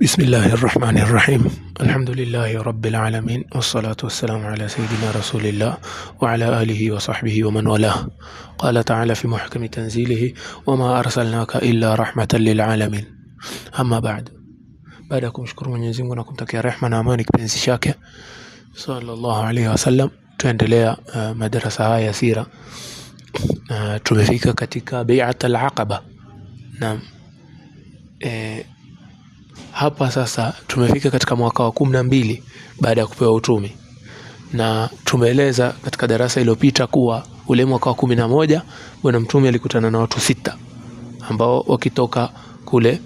بسم الله الرحمن الرحيم الحمد لله رب العالمين والصلاة والسلام على سيدنا رسول الله وعلى آله وصحبه ومن والاه قال تعالى في محكم تنزيله وما أرسلناك إلا رحمة للعالمين أما بعد بعدكم شكر من يزيمنا كنت يا رحمة أمانك بن سشاك صلى الله عليه وسلم تندليا مدرسة هاي سيرة تبفيك كتك بيعة العقبة نعم إيه hapa sasa tumefika katika mwaka wa kumi na mbili baada ya kupewa utumi na tumeeleza katika darasa iliyopita kuwa ule mwaka wa kumi na moja bwana mtume alikutana na watu sita ambao wakitoka kule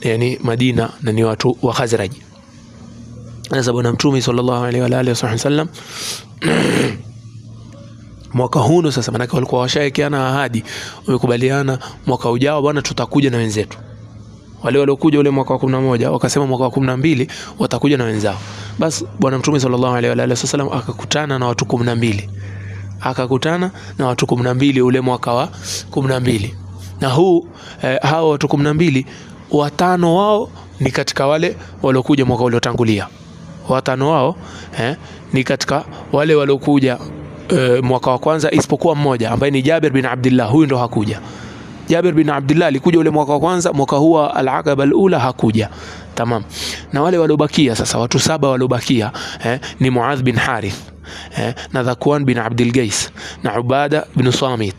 yani Madina na ni watu wa Khazraji. Sasa bwana mtume sallallahu alaihi wa alihi wasallam mwaka huno sasa, maanake walikuwa washaekeana ahadi, wamekubaliana mwaka ujao bwana, tutakuja na wenzetu wale waliokuja ule mwaka wa kumi na moja wakasema mwaka wa kumi na mbili watakuja na wenzao. Basi Bwana Mtume sallallahu alaihi wa alihi wasallam akakutana na watu kumi na mbili akakutana na watu kumi na mbili ule mwaka wa kumi na mbili na huu eh, hao watu kumi na mbili watano wao ni katika wale waliokuja mwaka uliotangulia, watano wao eh, ni katika wale waliokuja eh, mwaka wa kwanza, isipokuwa mmoja ambaye ni Jabir bin Abdullah, huyu ndo hakuja. Jabir bin Abdullah alikuja ule mwaka wa kwanza, mwaka huo al-Aqaba al-ula hakuja. Tamam. Na wale waliobakia sasa, watu saba waliobakia eh, ni Muadh bin Harith eh, na Dhakwan bin Abdul Gais, na Ubada bin Samit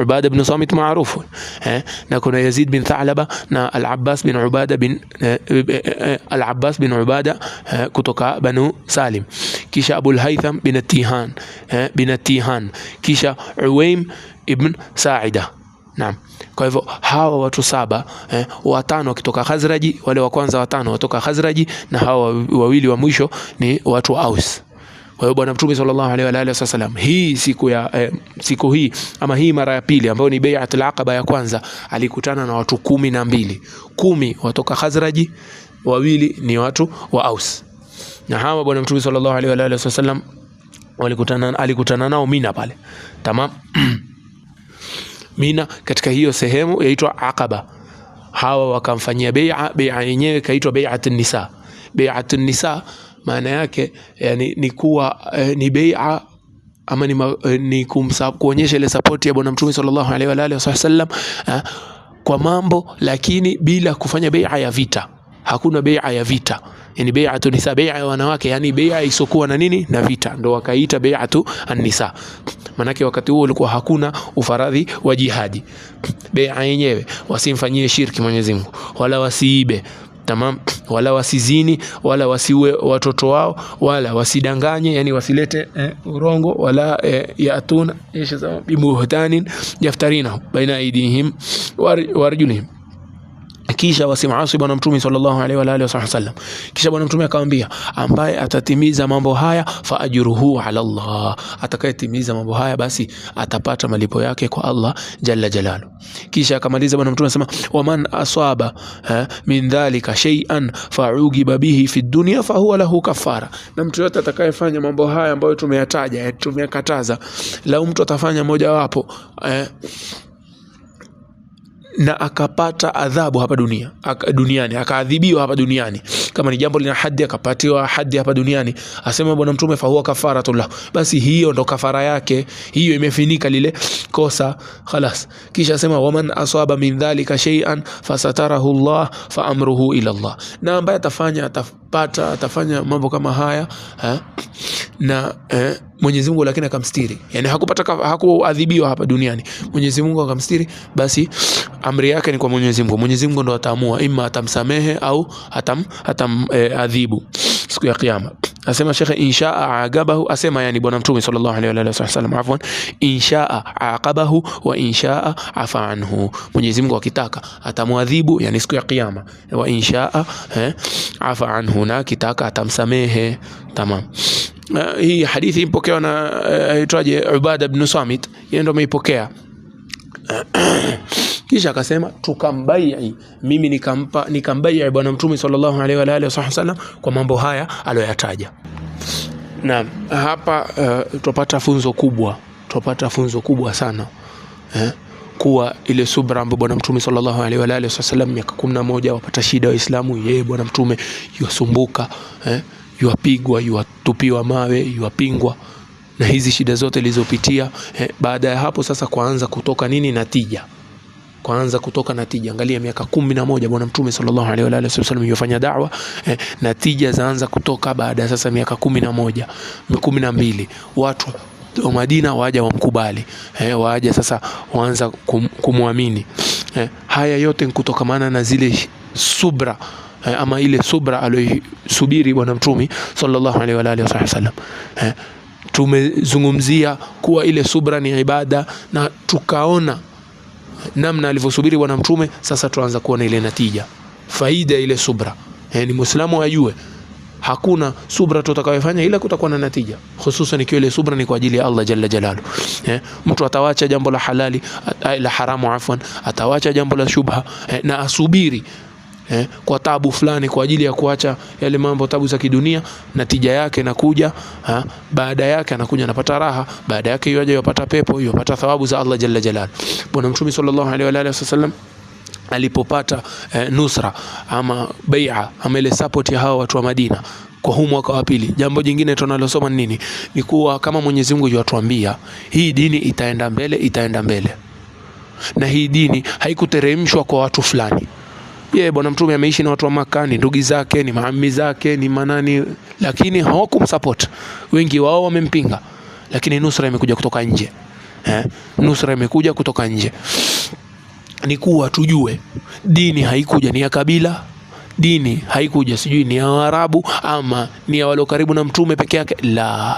Ubada bin bin Samit maarufu. Eh, na kuna Yazid Thalaba na al-Abbas bin Ubada bin eh, eh, eh, al-Abbas bin Ubada eh, kutoka Banu Salim. Kisha كيشا ابو bin Tihan, eh, bin Tihan. Kisha Uwaym ابن ساعده na Kwa hivyo hawa watu saba eh, watano wakitoka Khazraji, wale wa kwanza watano watoka Khazraji na hawa wawili wa mwisho ni watu wa Aus. Kwa hiyo bwana Mtume sallallahu alaihi wa alihi wasallam hii siku ya eh, siku hii ama hii mara ya pili ambayo ni al aqaba ya kwanza alikutana na watu kumi na mbili, kumi watoka Khazraji, wawili ni watu wa Aus. Na hawa bwana Mtume sallallahu alaihi wa alihi wasallam walikutana alikutana nao Mina pale. Tamam. Mina katika hiyo sehemu yaitwa Aqaba. Hawa wakamfanyia bai'a, bai'a yenyewe kaitwa bai'atun nisa. Bai'atun nisa maana yake yani eh, ni kuwa eh, ni bai'a ama ni, eh, ni kumsa, kuonyesha ile support ya bwana mtume sallallahu alaihi wa alihi wasallam eh, kwa mambo lakini bila kufanya bai'a ya vita. Hakuna bai'a ya vita yani bai'atu nisa, bai'a ya wanawake, yani bai'a isokuwa na nini na vita, ndo wakaita bai'atu an-nisa. Manake wakati huo ulikuwa hakuna ufaradhi wa jihadi, bea yenyewe. Wasimfanyie shirki Mwenyezi Mungu, wala wasiibe Tamam, wala wasizini wala wasiue watoto wao wala wasidanganye, yani wasilete eh, urongo wala eh, yatuna bibuhtanin yaftarina baina aidihim warjulihim kisha wasimasi bwana mtume sallallahu alaihi wa alihi wasallam. Kisha bwana mtume akamwambia, ambaye atatimiza mambo haya fa ajruhu ala Allah, atakayetimiza mambo haya basi atapata malipo yake kwa Allah jalla jalalu. Kisha akamaliza bwana mtume wa waman asaba ha, eh, min dhalika shay'an faugiba bihi fi dunya fa huwa lahu kafara, na mtu yote atakayefanya mambo haya ambayo tumeyataja eh, tumeyakataza, lau mtu atafanya wapo eh, na akapata adhabu hapa dunia duniani akaadhibiwa hapa duniani, kama ni jambo lina hadi akapatiwa hadi hapa duniani, asema Bwana Mtume, fahuwa kafaratullah, basi hiyo ndo kafara yake, hiyo imefinika lile kosa khalas. Kisha asema waman aswaba min dhalika shay'an fasatarahu Allah fa amruhu ila Allah, na ambaye atafanya ataf atapata, atafanya mambo kama haya ha? na eh, Mwenyezi Mungu lakini akamstiri, yani hakupata, hakuadhibiwa hapa duniani. Mwenyezi Mungu akamstiri, basi amri yake ni kwa Mwenyezi Mungu. Mwenyezi Mungu ndo ataamua, ima atamsamehe au atam, atam eh, adhibu siku ya Kiyama. Asema shekhe inshaa aqabahu, asema yani bwana mtume sallallahu alaihi wa alihi wasallam, afwan, inshaa aqabahu wa inshaa afa anhu, Mwenyezi Mungu akitaka atamwadhibu, yani siku ya kiyama, wa inshaa eh, afa anhu, na akitaka atamsamehe. Tamam. Uh, hii hadithi ipokewa na eh, aitwaje, uh, Ubada ibn Samit, yeye ndo ameipokea Kisha akasema tukambai, mimi nikampa nikambai eh, bwana Mtume sallallahu alaihi wa alihi wasallam kwa mambo haya aliyoyataja. Na hapa uh, eh, tupata funzo kubwa, tupata funzo kubwa sana eh? kuwa ile subra ambayo bwana mtume sallallahu alaihi wa alihi wasallam miaka kumi na moja wapata shida Waislamu, yeye bwana mtume yuwasumbuka eh? yuapigwa yuatupiwa mawe, yuapingwa na hizi shida zote ilizopitia eh? baada ya hapo sasa kuanza kutoka nini natija kwanza kutoka na tija. Angalia miaka kumi na moja bwana Mtume sallallahu alaihi wa alihi wasallam yofanya da'wa eh, na tija zaanza kutoka baada ya sasa miaka kumi na moja kumi na mbili watu wa Madina waja wamkubali eh, waja sasa waanza kum, kumwamini eh, haya yote kutokamana na zile subra eh, ama ile subra aliyoisubiri bwana Mtume sallallahu alaihi wa alihi wasallam eh, tumezungumzia kuwa ile subra ni ibada na tukaona namna alivyosubiri bwana mtume. Sasa tuanza kuona ile natija, faida ile subra. Eh, ni muislamu ajue hakuna subra tutakayofanya ila kutakuwa na natija, hususan ikiwa ile subra ni kwa ajili ya Allah jalla jalalu. Eh, mtu atawacha jambo la halali eh, la haramu, afwan, atawacha jambo la shubha eh, na asubiri eh, kwa tabu fulani kwa ajili ya kuacha yale mambo tabu za kidunia. na tija yake nakuja ha, baada yake anakuja anapata raha, baada yake yaje yapata pepo, yapata thawabu za Allah jalla jalal. Bwana Mtume sallallahu alaihi wa alihi wasallam alipopata eh, nusra ama bai'a ama ile support ya hawa watu wa Madina kwa huu mwaka wa pili. Jambo jingine tunalosoma ni nini? Ni kuwa kama Mwenyezi Mungu yuatuambia hii dini itaenda mbele, itaenda mbele, na hii dini haikuteremshwa kwa watu fulani yeye bwana mtume ameishi na watu wa Maka, ni ndugu zake, ni maami zake, ni manani, lakini hawakumsupport. Wengi wao wamempinga, lakini nusra imekuja kutoka nje eh? Nusra imekuja kutoka nje. Ni kuwa tujue dini haikuja ni ya kabila dini haikuja sijui ni ya Waarabu ama ni ya walio karibu na mtume peke yake. La,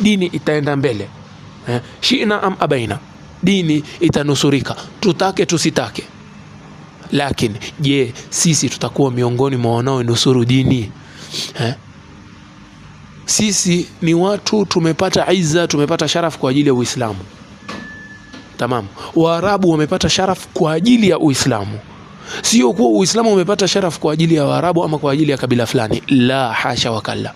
dini itaenda mbele eh, shina am abaina, dini itanusurika tutake tusitake lakini je, sisi tutakuwa miongoni mwa wanaonusuru dini eh? Sisi ni watu tumepata izza, tumepata sharaf kwa ajili ya Uislamu. Tamam, Waarabu wamepata sharaf kwa ajili ya Uislamu, sio kuwa Uislamu umepata sharaf kwa ajili ya Waarabu ama kwa ajili ya kabila fulani. La hasha wakalla.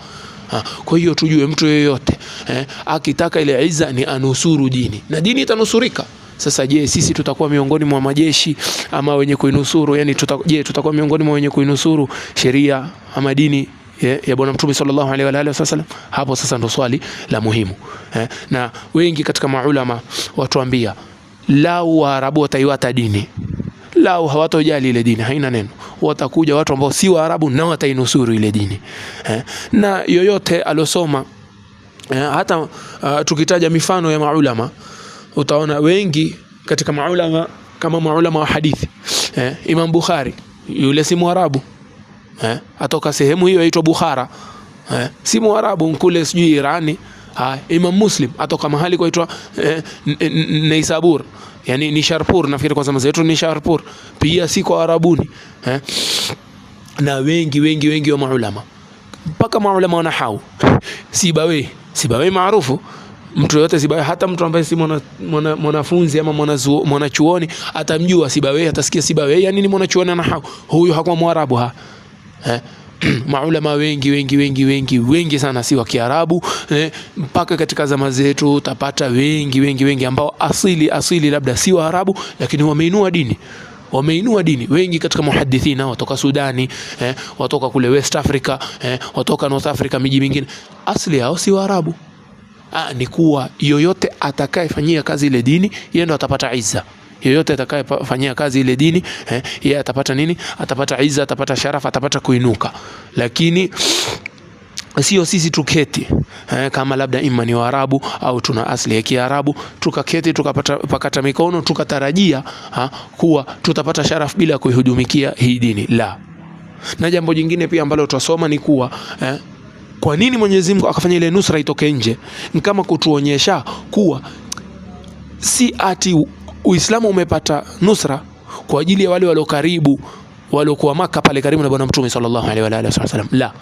Ha, kwa hiyo tujue mtu yeyote eh, akitaka ile iza ni anusuru dini na dini itanusurika. Sasa je, sisi tutakuwa miongoni mwa majeshi ama wenye kuinusuru? Yani tuta, je tutakuwa miongoni mwa wenye kuinusuru sheria ama dini Yeah, ya Bwana Mtume sallallahu alaihi wa alihi wasallam. Hapo sasa ndo swali la muhimu eh, na wengi katika maulama watuambia lau Waarabu wataiwata dini, lau hawatojali ile dini, haina neno, watakuja watu ambao si Waarabu na watainusuru ile dini eh, na yoyote alosoma eh, hata uh, tukitaja mifano ya maulama utaona wengi katika maulama kama maulama wa hadithi eh, Imam Bukhari yule si Mwarabu eh, atoka sehemu hiyo aitwa Bukhara eh, si Mwarabu mkule sijui Irani Ha, ah, Imam Muslim atoka mahali kwaitwa eh, Neisabur yani Sharpur nafikiri kwa zama zetu Sharpur pia si kwa Arabuni eh. Na wengi wengi wengi wa maulama mpaka maulama wa Sibawi, Sibawi maarufu mtu yoyote Sibawehe, hata mtu ambaye si mwanafunzi mwana, mwana ama mwanachuoni mwana atamjua Sibawehe, atasikia Sibawehe yani ni mwanachuoni ana hau huyu hakuwa Mwarabu ha eh. Maulama wengi wengi wengi wengi wengi sana si wa Kiarabu eh, mpaka katika zama zetu utapata wengi wengi wengi ambao asili asili labda si wa Arabu, lakini wameinua dini wameinua dini. Wengi katika muhadithina watoka Sudani eh, watoka kule West Africa eh, watoka North Africa, miji mingine, asili yao si Waarabu. Ah, ni kuwa yoyote atakayefanyia kazi ile dini yeye ndo atapata izza yoyote atakayefanyia kazi ile dini eh, yeye atapata nini? Atapata izza, atapata sharafa, atapata kuinuka. Lakini sio sisi tuketi eh, kama labda ima ni Waarabu au tuna asili ya Kiarabu tukaketi tukapakata mikono tukatarajia ha, kuwa tutapata sharaf bila kuihudumikia hii dini la. Na jambo jingine pia ambalo tutasoma ni kuwa eh, kwa nini Mwenyezi Mungu akafanya ile nusra itoke nje? Ni kama kutuonyesha kuwa si ati Uislamu umepata nusra kwa ajili ya wale walio karibu waliokuwa Maka pale karibu na Bwana Mtume sallallahu alaihi wa alihi wasallam, la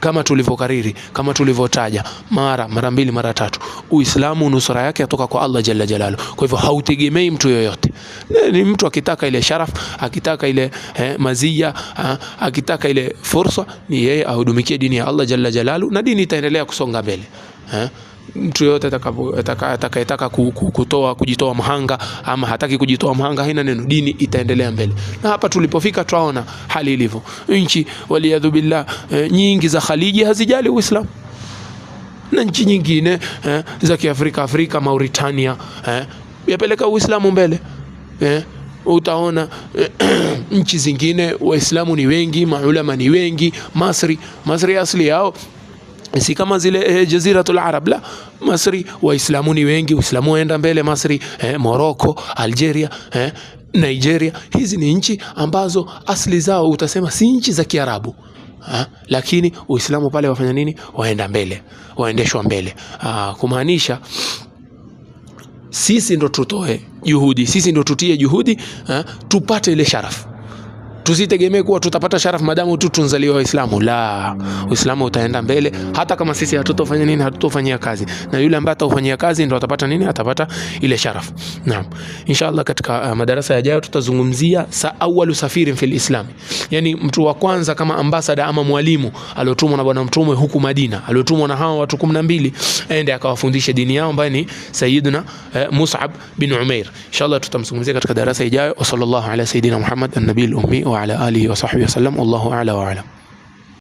kama tulivyokariri, kama tulivyotaja mara mara mbili mara tatu, Uislamu nusura yake atoka kwa Allah jalla jalalu. Kwa hivyo hautegemei mtu yoyote, ni mtu akitaka ile sharaf, akitaka ile eh, mazia ha, ah, akitaka ile fursa, ni yeye ahudumikie dini ya Allah jalla jalalu, na dini itaendelea kusonga mbele eh? mtu yoyote atakayetaka kutoa kujitoa mhanga ama hataki kujitoa mhanga, haina neno, dini itaendelea mbele. Na hapa tulipofika twaona hali ilivyo nchi, waliadhu billah, e, nyingi za Khaliji hazijali Uislamu na nchi nyingine e, za Kiafrika, Afrika, Mauritania e, yapeleka Uislamu mbele e, utaona nchi zingine Waislamu ni wengi, maulama ni wengi. Masri, Masri asli yao Eh, si kama zile eh, Jaziratul Arab la Masri, Waislamu ni wengi, Uislamu waenda mbele Masri, eh, Morocco, Algeria, eh, Nigeria. Hizi ni nchi ambazo asili zao utasema si nchi za Kiarabu ha? Ah, lakini Uislamu pale wafanya nini? Waenda mbele, waendeshwa mbele, ah, kumaanisha sisi ndo tutoe juhudi, sisi ndo tutie juhudi ha? Ah, tupate ile sharafu tusitegemee kuwa tutapata sharaf madamu tu tunzaliwa Waislamu. La, Uislamu utaenda mbele hata kama sisi hatutofanya nini, hatutofanyia kazi, na yule ambaye ataufanyia kazi ndo atapata nini? Atapata ile sharaf. Naam, inshallah katika uh, madarasa yajayo tutazungumzia sa awalu safirin fil Islam, yani mtu wa kwanza kama ambasada ama mwalimu aliotumwa na bwana mtume huku Madina, aliotumwa na hawa watu 12 aende akawafundishe dini yao, ambaye ni Sayyiduna uh, Mus'ab bin Umair. Inshallah tutamzungumzia katika darasa ijayo. Wa sallallahu ala sayidina Muhammad an-nabiy al-ummi wa وعلى آله وصحبه وسلم والله أعلى وأعلم